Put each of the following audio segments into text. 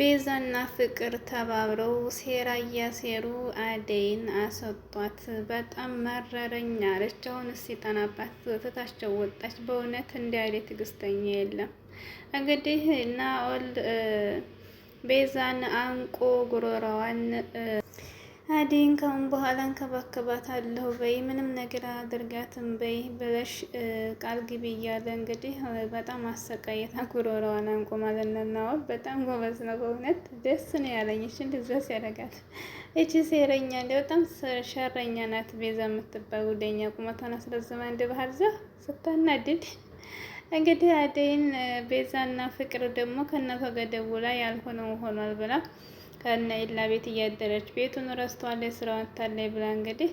ቤዛና ፍቅር ተባብረው ሴራ እያሴሩ አደይን አሰጧት። በጣም መረረኝ አለች። አሁን ሲጠናባት ትታቸው ወጣች። በእውነት እንዲያሌ ትግስተኛ የለም። እንግዲህ ናኦል ቤዛን አንቆ ጉሮሮዋን አዴን ካሁን በኋላ እንከባከባታለሁ በይ፣ ምንም ነገር አድርጋትም በይ ብለሽ ቃል ግቢ እያለ እንግዲህ በጣም አሰቃየታ ጉሮሮዋን አንቆ ማለት ነናወር። በጣም ጎበዝ ነው በእውነት ደስ ነው ያለኝ። እሺ እንደዛስ ያደርጋል። እቺ ሴረኛ እንደ በጣም ሸረኛ ናት ቤዛ የምትባል ጉደኛ ቁመቷን አስረዝማ እንደ ባህር ዛፍ ስታናድድ እንግዲህ አዴን ቤዛና ፍቅር ደግሞ ከእናቷ ገደቡ ላይ ያልሆነው ሆኗል ብላ ከነ ኢላ ቤት እያደረች ቤቱን ረስቷል፣ ስራውን ታለይ ብላ እንግዲህ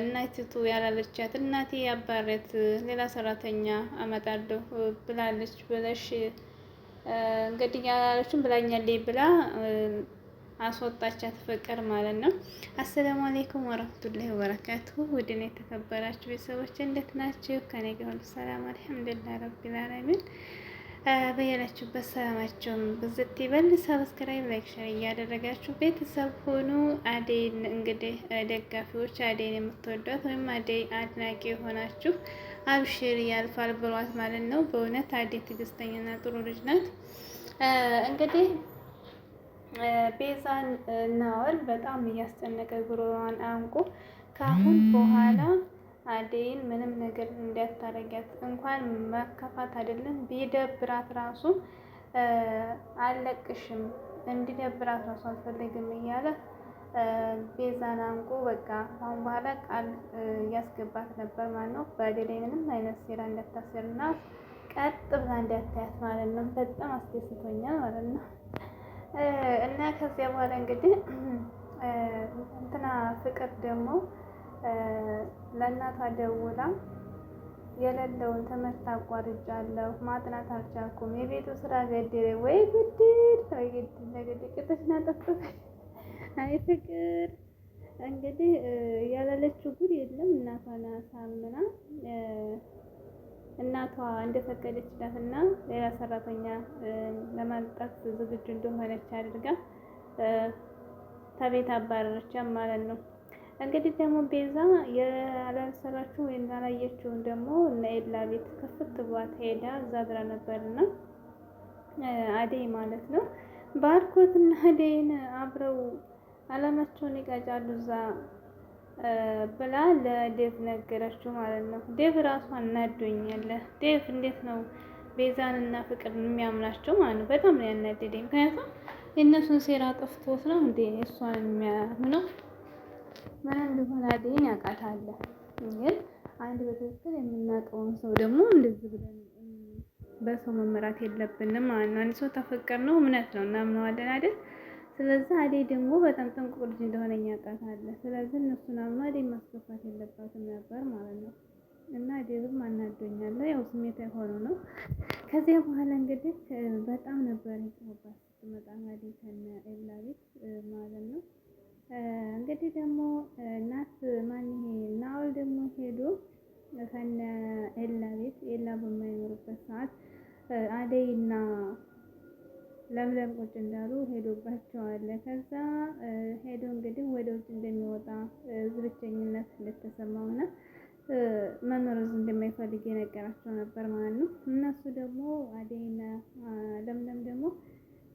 እናቲቱ ያላለቻት እናቴ ያባረት ሌላ ሰራተኛ አመጣለሁ ብላለች ብለሽ እንግዲህ ያላለችን ብላኛለች ብላ አስወጣቻት ፍቅር ማለት ነው። አሰላሙ አሌይኩም ወረህመቱላሂ ወበረካቱሁ ውድና የተከበራችሁ ቤተሰቦች እንዴት ናችሁ? ከኔ ጋር ሁሉ ሰላም አልሐምዱሊላህ ረቢል አለሚን። በያላችሁበት ሰላማችሁን ብዝት ይበል። ሰብስክራይብ፣ ላይክ፣ ሸር እያደረጋችሁ ቤተሰብ ሆኑ። አደይን እንግዲህ ደጋፊዎች አደይን የምትወዷት ወይም አደይ አድናቂ የሆናችሁ አብሽር ያልፋል ብሏት ማለት ነው። በእውነት አደይ ትዕግስተኛና ጥሩ ልጅ ናት። እንግዲህ ቤዛን እናወል በጣም እያስጨነቀ ጉሮሯን አንቁ ከአሁን በኋላ አደይን ምንም ነገር እንዳታረጊያት እንኳን መከፋት አይደለም ቢደብራት ራሱ አለቅሽም እንዲደብራት ራሱ አልፈልግም እያለ ቤዛን አንቆ በቃ አሁን በኋላ ቃል እያስገባት ነበር ማለት ነው። በአደይ ምንም አይነት ሴራ እንዳታሴር እና ቀጥ ብላ እንዳታያት ማለት ነው። በጣም አስደስቶኛል ማለት ነው። እና ከዚያ በኋላ እንግዲህ እንትና ፍቅር ደግሞ ለእናቷ ደውላ የሌለውን ትምህርት አቋርጫለሁ፣ ማጥናት አልቻልኩም፣ የቤቱ ስራ ገድሬ ወይ ግድል ወይ ግድል ለግድል ቅጥሽ ናጠፍቅ አይ ፍቅር እንግዲህ ያላለችው ጉድ የለም። እናቷን ሳምና እናቷ እንደፈቀደችላት እና ሌላ ሰራተኛ ለማምጣት ዝግጁ እንደሆነች አድርጋ ከቤት አባረረቻት ማለት ነው። እንግዲህ ደግሞ ቤዛ ያላሰራችሁ ወይም ያላየችውን ደግሞ እነ ኤላ ቤት ክፍት ብሏት ሄዳ እዛ ብላ ነበርና አደይ ማለት ነው ባርኮትና አደይን አብረው አላማቸውን ይቀጫሉ እዛ ብላ ለዴቭ ነገረችው ማለት ነው። ዴቭ ራሱ አናዶኛል። ዴቭ እንዴት ነው ቤዛን እና ፍቅር የሚያምናቸው ማለት ነው። በጣም ነው ያናደደኝ። ምክንያቱም የእነሱን ሴራ ጠፍቶት ነው እንዴ እሷን የሚያምነው ምን እንደሆነ አደይን ያውቃታለሁ ግን አንድ በትክክል የምናውቀውን ሰው ደግሞ እንደዚህ ብለን በሰው መመራት የለብንም ማለት ነው። አንድ ሰው ተፈቀር ነው እምነት ነው እናምነዋለን አይደል? ስለዚህ አደይ ደግሞ በጣም ጥንቁቅ ልጅ እንደሆነ ያውቃታለን። ስለዚህ እነሱን አምኖ አደይ ማስገፋት የለባትም ነበር ማለት ነው። እና አደይም አናዶኛል፣ ያው ስሜት የሆኑ ነው። ከዚያ በኋላ እንግዲህ በጣም ነበር የጮህባት ስትመጣ አደይ ከነ ኤላ ቤት ማለት ነው እንግዲህ ደግሞ ናት ማን ይሄ ናኦል ደግሞ ሄዱ ከነ ኤላ ቤት ኤላ በማይኖርበት ሰዓት አደይና ለምለም ቁጭ እንዳሉ ሄዶባቸዋል። ከዛ ሄዶ እንግዲህ ወደ ውጭ እንደሚወጣ ዝብቸኝነት እንደተሰማውና መኖር እንደማይፈልግ የነገራቸው ነበር ማለት ነው። እነሱ ደግሞ አደይና ለምለም ደግሞ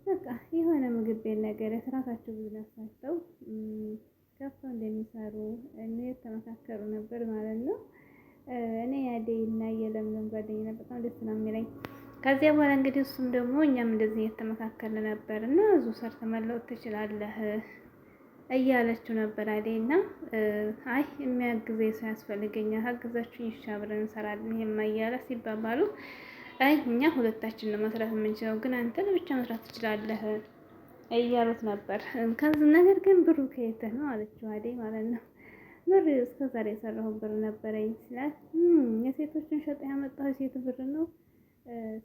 በቃ የሆነ ምግብ ቤት ነገር ስራታቸው ብዛት ሳተው ከፍተው እንደሚሰሩ ተመካከሩ ነበር ማለት ነው። እኔ ያደይ እና የለምለም ጓደኛ በጣም ደስ ነው የሚለኝ። ከዚያ በኋላ እንግዲህ እሱም ደግሞ እኛም እንደዚህ እየተመካከለ ነበር እና እዙ ሰርተ መለወጥ ትችላለህ እያለችው ነበር አደይ እና አይ የሚያግዘኝ ሰው ያስፈልገኛል፣ አግዛችሁኝ ይሻ ብለን እንሰራለን የማያለ ሲባባሉ አይ እኛ ሁለታችን ነው መስራት የምንችለው፣ ግን አንተ ለብቻ መስራት ትችላለህ እያሉት ነበር። ከዚህ ነገር ግን ብሩ ከየት ነው አለችው አደይ ማለት ነው። ብር እስከ ዛሬ የሰራሁት ብር ነበረኝ ስላት የሴቶችን ሸጠ ያመጣው ሴት ብር ነው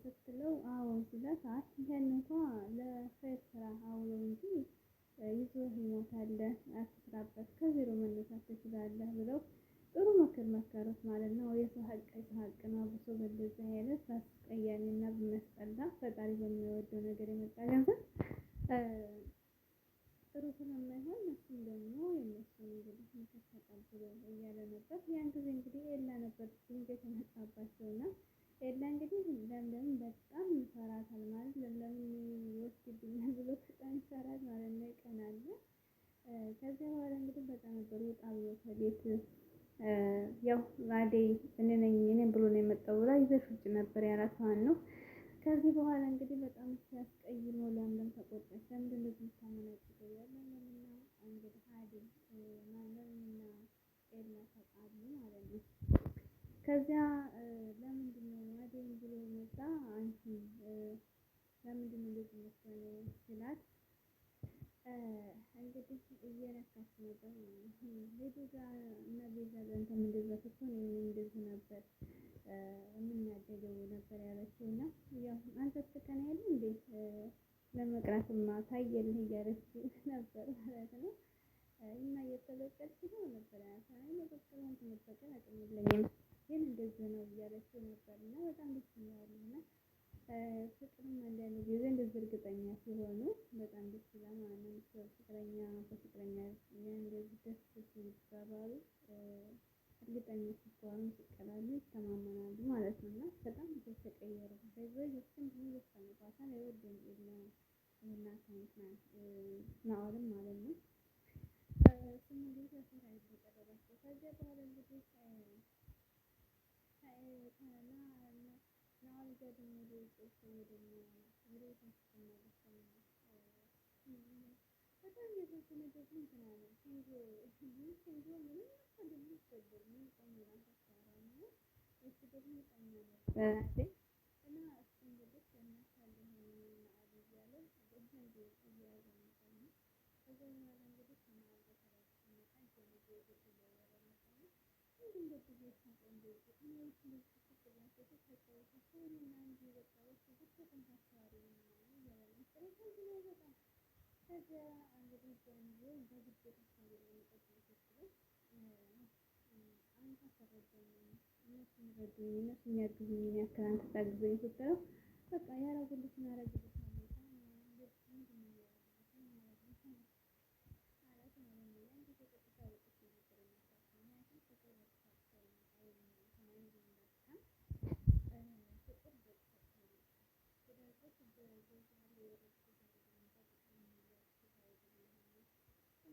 ስትለው አዎ ስላት አይ ይሄን እንኳ ለሰይድ ስራ አውለው እንጂ ይዞ ይሞታል፣ አትስራበት፣ ከዜሮ መነሳት ትችላለህ ብለው ጥሩ ምክር መከሩት ማለት ነው። የሰው ሀቅ የሰው ሀቅ ነው። አብሶ በእንደዚህ አይነት እና ብናስጠላ ፈጣሪ በሚወደው ነገር የመጣ ገንዘብ ጥሩ ስለማይሆን እሱም ደግሞ የነሱን እንግዲህ ምክር ተቀብሎ እያለ ነበር። ያን ጊዜ እንግዲህ ኤላ ነበር ድንገት የመጣባቸው እና ኤላ እንግዲህ ለምለምን በጣም ይፈራታል ማለት ለምለም ይወስድብኛል ብሎ በጣም ይፈራል ማለት ነው። ይቀናል። ከዚያ በኋላ እንግዲህ በጣም ነበር ውጣ ብሎ ከቤት ያው አደይ እኔ ነኝ እኔን ብሎ ነው የመጣው ብላ ይዘሽ ውጭ ነበር ያላት ማለት ነው። ከዚህ በኋላ እንግዲህ በጣም ሲያስቀይሞ ለምለም ተቆጣች። ለምንድን ነው እዚህ የምታመናጭቀው? ለምለምና እንግዲህ አደይ ለምለምና ኤላ ተጣሉ ማለት ነው። ከዚያ ለምንድን ነው አደይን ብሎ የመጣ አንቺ ለምንድን ነው እንደዚህ መሰለ ስላት እንግዲህ እየነካች ነበር ማለት ነው። ቤቱ ጋር እና ቤዛ ጋር እንትን ስትሆን እኔ እንደዚህ ነበር የምናደደው ነበር ያለችው እና ያው አንተ ትቀና ያለ እንዴ ለመቅናትማ ታየልህ እያለች ነበር ማለት ነው። እና እየተበቀልሽ ነው ነበር ያለች አይ መበቀል አቅም የለኝም ግን እንደዚህ ነው እያለችው ነበር እና በጣም ደስ ይላል እና ፍቅርም አንዳንድ ጊዜ እንደዚህ እርግጠኛ ሲሆኑ በጣም ደስ ይላል ማለት ነው። ፍቅረኛ በፍቅረኛ እንደዚህ ደስ የሚባባሉ እርግጠኛ ሲባሉ ሲቀላሉ ይተማመናሉ ማለት ነው እና በጣም ተቀየሩ። በዚህ ልክም ብዙ ተመሳሳይ አይወድም እናት ምክንያት ናኦልም ማለት ነው። ስምንት ሰዓት አይደለም የቀረባቸው ከዚያ በኋላ እንግዲህ መንገድ ሙሉ ይጽፍ ደግሞ ምሬታችን ነው። በጣም የተሰነደሱ እንትና ነው ሲንጆ ሲንጆ ምንም ፈልግ ይገባል። ምን ቀኝና ተሰራ ነው እሱ ደግሞ ቀኝ ነው እና እሱ እንግዲህ የሚያሳል ሆነ አሉ እያለ በሲንጆ እያያዘ ነው። ከዛ በኋላ እንግዲህ ከመሀል በተራች መጣ ሲንጆ ወደ ላይ ያለ ነው እንግዲህ እንደዚህ ቆንጆ ቆንጆ ነው። እነሱ የሚረዱኝ እነሱ የሚያግዙኝ ያክል አንተ ታግዘኝ ስትለው በቃ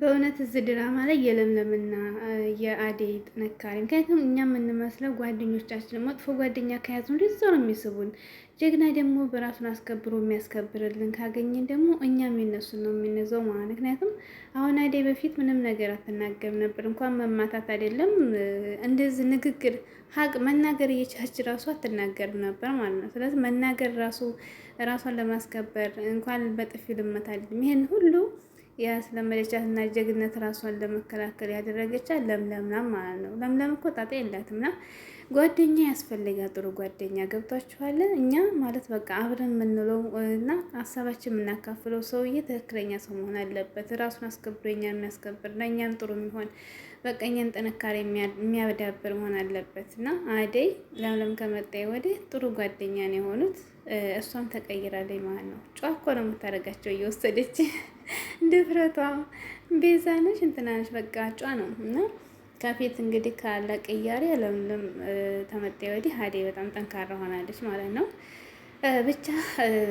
በእውነት እዚህ ድራማ ላይ የለምለምና የአዴ ጥንካሬ፣ ምክንያቱም እኛ የምንመስለው ጓደኞቻችን መጥፎ ጓደኛ ከያዙን ልዛው ነው የሚስቡን። ጀግና ደግሞ በራሱን አስከብሮ የሚያስከብርልን ካገኘን ደግሞ እኛም የነሱን ነው የምንይዘው ማለት። ምክንያቱም አሁን አዴ በፊት ምንም ነገር አትናገርም ነበር። እንኳን መማታት አይደለም እንደዚህ ንግግር ሀቅ መናገር እየቻች ራሱ አትናገርም ነበር ማለት ነው። ስለዚህ መናገር ራሱ ራሷን ለማስከበር እንኳን በጥፊ ልመታ አይደለም ይሄን ሁሉ ያስለመደቻት እና ጀግነት ራሷን ለመከላከል ያደረገቻት ለምለምና ማለት ነው። ለምለም እኮ ጣጣ የላትምና ጓደኛ ያስፈልጋል። ጥሩ ጓደኛ ገብቷችኋል። እኛ ማለት በቃ አብረን የምንለው እና ሀሳባችን የምናካፍለው ሰውዬ ትክክለኛ ሰው መሆን አለበት። ራሱን አስከብሮ እኛን የሚያስከብር እና እኛን ጥሩ የሚሆን በቃ እኛን ጥንካሬ የሚያዳብር መሆን አለበት እና አደይ ለምለም ከመጣ ወዲህ ጥሩ ጓደኛ ነው የሆኑት። እሷም ተቀይራለች ማለት ነው። ጨዋ እኮ ነው የምታደርጋቸው እየወሰደች ድፍረቷ ቤዛነሽ እንትናነሽ በቃ ጫ ነው እና ከፊት እንግዲህ ካለ ቅያሬ ለምለም ተመጣ ወዲህ ሀዴ በጣም ጠንካራ ሆናለች ማለት ነው። ብቻ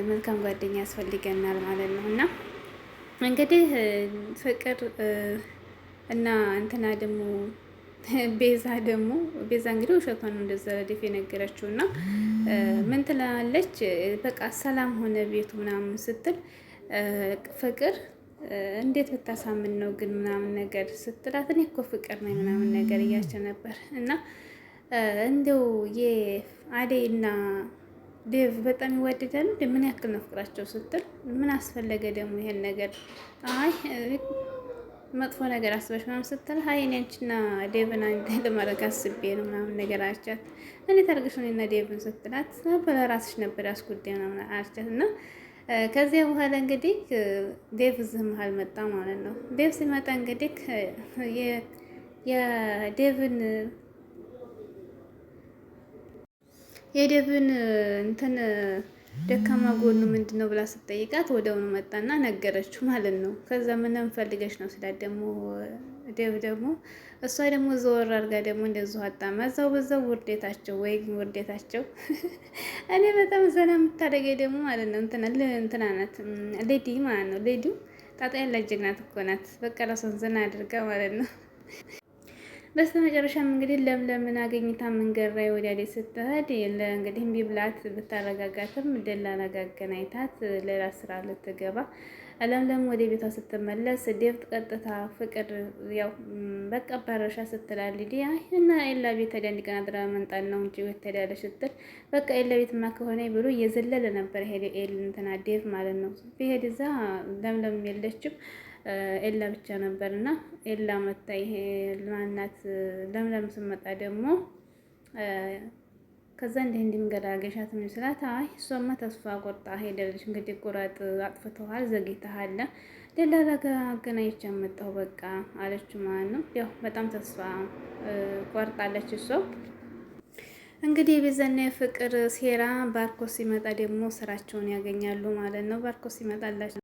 መልካም ጓደኛ ያስፈልገናል ማለት ነው እና እንግዲህ ፍቅር እና እንትና ደግሞ ቤዛ ደግሞ ቤዛ እንግዲህ ውሸቷን ነው እንደዛ ለዴፍ የነገረችው እና ምን ትላለች? በቃ ሰላም ሆነ ቤቱ ምናምን ስትል ፍቅር እንዴት ብታሳምን ነው ግን ምናምን ነገር ስትላት እኔ እኮ ፍቅር ነኝ ምናምን ነገር እያቸው ነበር። እና እንደው የአደይና ዴቭ በጣም ይዋደዳሉ እንደ ምን ያክል ነው ፍቅራቸው ስትል ምን አስፈለገ ደግሞ ይሄን ነገር አይ መጥፎ ነገር አስበሽ ምናምን ስትል ሀይ እኔ አንቺና ዴቭን አንድ ለማድረግ አስቤ ነው ምናምን ነገር አለቻት። እንዴት አድርገሽ እኔና ዴቭን ስትላት በለራስሽ ነበር ያስጉዳይ ምናምን አለቻት እና ከዚያ በኋላ እንግዲህ ዴቭ እዚህ መሀል መጣ ማለት ነው። ዴቭ ሲመጣ እንግዲህ የዴቭን የዴቭን እንትን ደካማ ጎኑ ምንድን ነው ብላ ስትጠይቃት ወደውኑ መጣና ነገረችው ማለት ነው። ከዛ ምንም ነው ስላት ደግሞ ደብ ደግሞ እሷ ደግሞ ዘወር አድርጋ ደግሞ እንደዚሁ አጣማ እዛው በዛው ውርዴታቸው ወይ ውርዴታቸው። እኔ በጣም ዘና የምታደርገኝ ደግሞ ማለት ነው እንትና ናት ሌዲ ማለት ነው። ሌዲ ጣጣ ያለ ጀግና እኮ ናት። በቃ ራሷን ዘና አድርጋ ማለት ነው። በስተ መጨረሻም እንግዲህ ለምለምን አገኝታ መንገድ ላይ ወዲያዴ ስትሄድ እንግዲህ እምቢ ብላት ብታረጋጋትም ደላላ ጋር አገናኝታት ለራስ ስራ ልትገባ ለምለም ወደ ቤቷ ስትመለስ ዴቭ ቀጥታ ፍቅር ያው በቃ ባረሻ ስትላል ሊዲያ እና ኤላ ቤት ታዲያ እንዲ ድራ አድራ ነው እንጂ ወት ታዲያ ስትል በቃ ኤላ ቤትማ ከሆነ ብሎ እየዘለለ ነበር ሄደ ኤል እንትና ዴቭ ማለት ነው። ቢሄድ እዛ ለምለም የለችም ኤላ ብቻ ነበር እና ኤላ መታ ይሄ ማናት ለምለም ስመጣ ደግሞ ከዛ እንዲህ እንዲህ ምን ስላት፣ አይ እሷማ ተስፋ ቆርጣ ሄደለች። እንግዲህ ቁረጥ አጥፍተዋል፣ ዘግይተሃል፣ ደላላ ጋር አገናኝቼ መጣሁ በቃ አለች ማለት ነው። ያው በጣም ተስፋ ቆርጣለች እሷ። እንግዲህ የቤዛና የፍቅር ሴራ ባርኮ ሲመጣ ደግሞ ስራቸውን ያገኛሉ ማለት ነው። ባርኮ ሲመጣላቸው